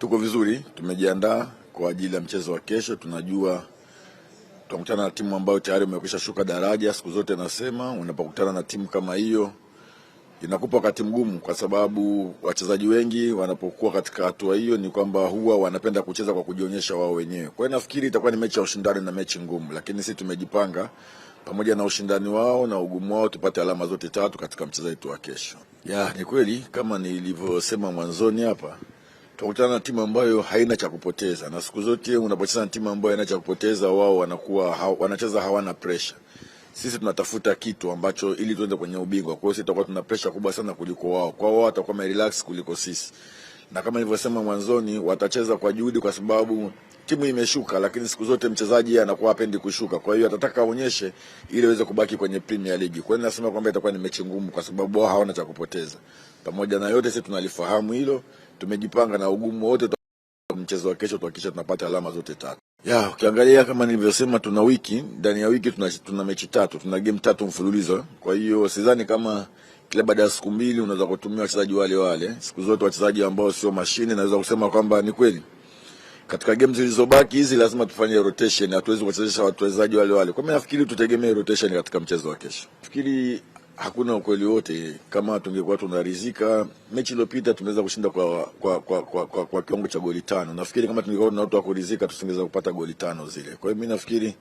Tuko vizuri, tumejiandaa kwa ajili ya mchezo wa kesho. Tunajua tutakutana na timu ambayo tayari umekwisha shuka daraja. Siku zote nasema unapokutana na timu kama hiyo inakupa wakati mgumu, kwa sababu wachezaji wengi wanapokuwa katika hatua hiyo ni kwamba huwa wanapenda kucheza kwa kujionyesha wao wenyewe. Kwa hiyo nafikiri itakuwa ni mechi ya ushindani na mechi ngumu, lakini sisi tumejipanga pamoja na ushindani wao na ugumu wao tupate alama zote tatu katika mchezo wetu wa kesho. Ya, ni kweli kama nilivyosema mwanzoni hapa tutakutana na timu ambayo haina cha kupoteza, na siku zote unapocheza na timu ambayo haina cha kupoteza, wao wanakuwa ha, wanacheza hawana pressure. Sisi tunatafuta kitu ambacho ili tuende kwenye ubingwa. Kwa hiyo sisi tutakuwa tuna pressure kubwa sana kuliko wao, kwa wao watakuwa ma relax kuliko sisi, na kama nilivyosema mwanzoni, watacheza kwa juhudi, kwa sababu timu imeshuka, lakini siku zote mchezaji anakuwa hapendi kushuka. Kwa hiyo atataka aonyeshe ili aweze kubaki kwenye Premier League. Kwa hiyo nasema kwamba itakuwa ni mechi ngumu, kwa sababu wao hawana cha kupoteza. Pamoja na yote, sisi tunalifahamu hilo tumejipanga na ugumu wote mchezo wa kesho tuhakikisha tunapata alama zote tatu. Ya, ukiangalia kama nilivyosema, tuna wiki ndani ya wiki tuna, tuna mechi tatu, tuna game tatu mfululizo. Kwa hiyo sidhani kama kila baada ya siku mbili unaweza kutumia wachezaji wale wale siku zote, wachezaji ambao sio mashine. Naweza kusema kwamba ni kweli katika game zilizobaki hizi lazima tufanye rotation, hatuwezi kuwachezesha wachezaji wale wale. Kwa mimi nafikiri tutegemee rotation katika mchezo wa kesho. Nafikiri hakuna ukweli wote. Kama tungekuwa tunarizika mechi iliyopita tumeweza kushinda kwa, kwa, kwa, kwa, kwa, kwa kiwango cha goli tano. Nafikiri kama tungekuwa tuna watu wa kurizika tusingeweza kupata goli tano zile. Kwa hiyo mimi nafikiri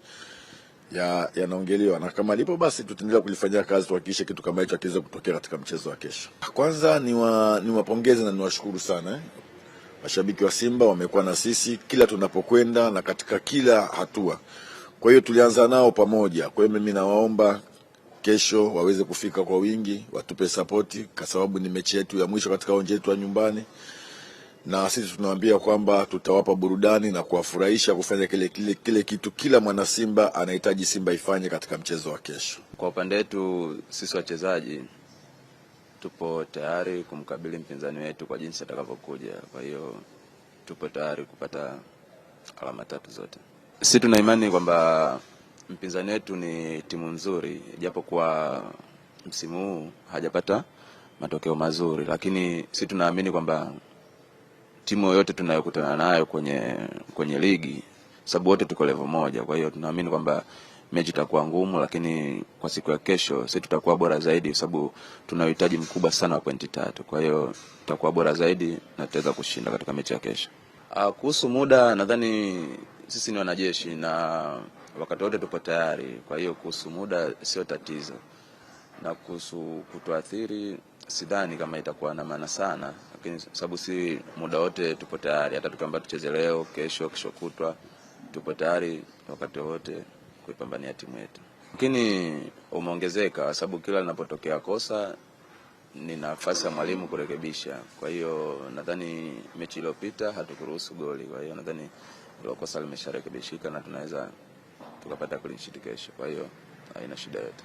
ya yanaongelewa na kama lipo basi, tutaendelea kulifanyia kazi tuhakikishe kitu kama hicho kiweze kutokea katika mchezo wa kesho. Kwanza ni wa, ni wapongeze na niwashukuru sana eh. Mashabiki wa Simba wamekuwa na sisi kila tunapokwenda na katika kila hatua. Kwa hiyo tulianza nao pamoja. Kwa hiyo mimi nawaomba kesho waweze kufika kwa wingi, watupe sapoti kwa sababu ni mechi yetu ya mwisho katika uwanja wetu wa nyumbani, na sisi tunawaambia kwamba tutawapa burudani na kuwafurahisha kufanya kile, kile, kile kitu kila mwana Simba anahitaji Simba ifanye katika mchezo wa kesho. Kwa upande wetu sisi wachezaji tupo tayari kumkabili mpinzani wetu kwa jinsi atakavyokuja, kwa hiyo tupo tayari kupata alama tatu zote. Sisi tuna imani kwamba mpinzani wetu ni timu nzuri, japo kwa msimu huu hajapata matokeo mazuri, lakini si tunaamini kwamba timu yoyote tunayokutana nayo kwenye kwenye ligi, sababu wote tuko level moja. Kwa hiyo tunaamini kwamba mechi itakuwa ngumu, lakini kwa siku ya kesho si tutakuwa bora zaidi, sababu tuna uhitaji mkubwa sana wa pointi tatu. Kwa hiyo tutakuwa bora zaidi na tutaweza kushinda katika mechi ya kesho. Ah, kuhusu muda, nadhani sisi ni wanajeshi na wakati wote tupo tayari. Kwa hiyo kuhusu muda sio tatizo, na kuhusu kutoathiri sidhani kama itakuwa na maana sana, lakini sababu si muda wote tupo tayari. Hata tukiamba tucheze leo, kesho, kesho kutwa, tupo tayari wakati wote kuipambania timu yetu. Lakini umeongezeka sababu kila linapotokea kosa ni nafasi ya mwalimu kurekebisha. Kwa hiyo nadhani mechi iliyopita hatukuruhusu goli, kwa hiyo nadhani ndio kosa limesharekebishika na tunaweza tukapata clean sheet kesho, kwa hiyo haina shida yote.